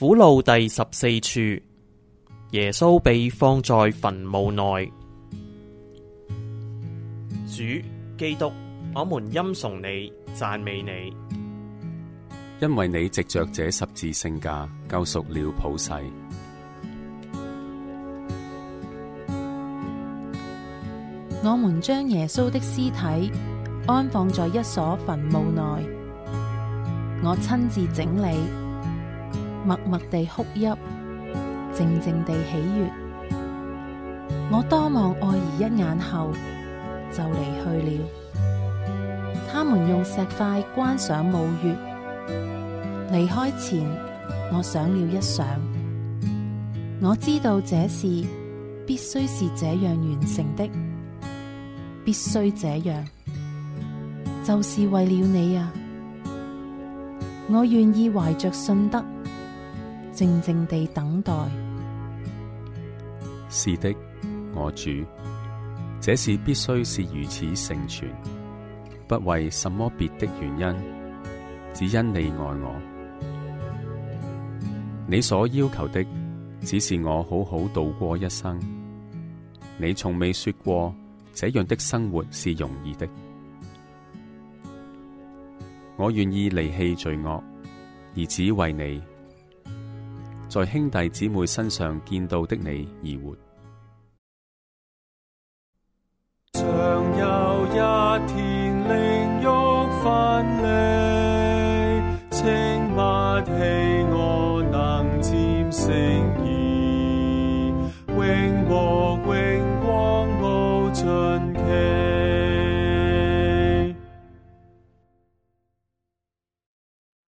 苦路第十四處，耶穌被放在墳墓內。主基督，我們欽崇你，讚美你，因為你藉着這十字聖架救贖了普世。我們將耶穌的屍體安放在一所墳墓內，我親自整理。默默地哭泣，靜靜地喜悅。我多望愛兒一眼後就離去了。他們用石塊關上墓穴。離開前，我想了一想，我知道這事必須是這樣完成的，必須這樣，就是為了你啊！我願意懷着信德。靜靜地等待。是的，我主，這是必須是如此成全，不為什麼別的原因，只因你愛我。你所要求的，只是我好好度過一生。你從未說過，這樣的生活是容易的。我願意離棄罪惡，而只為你。在兄弟姊妹身上見到的你而活。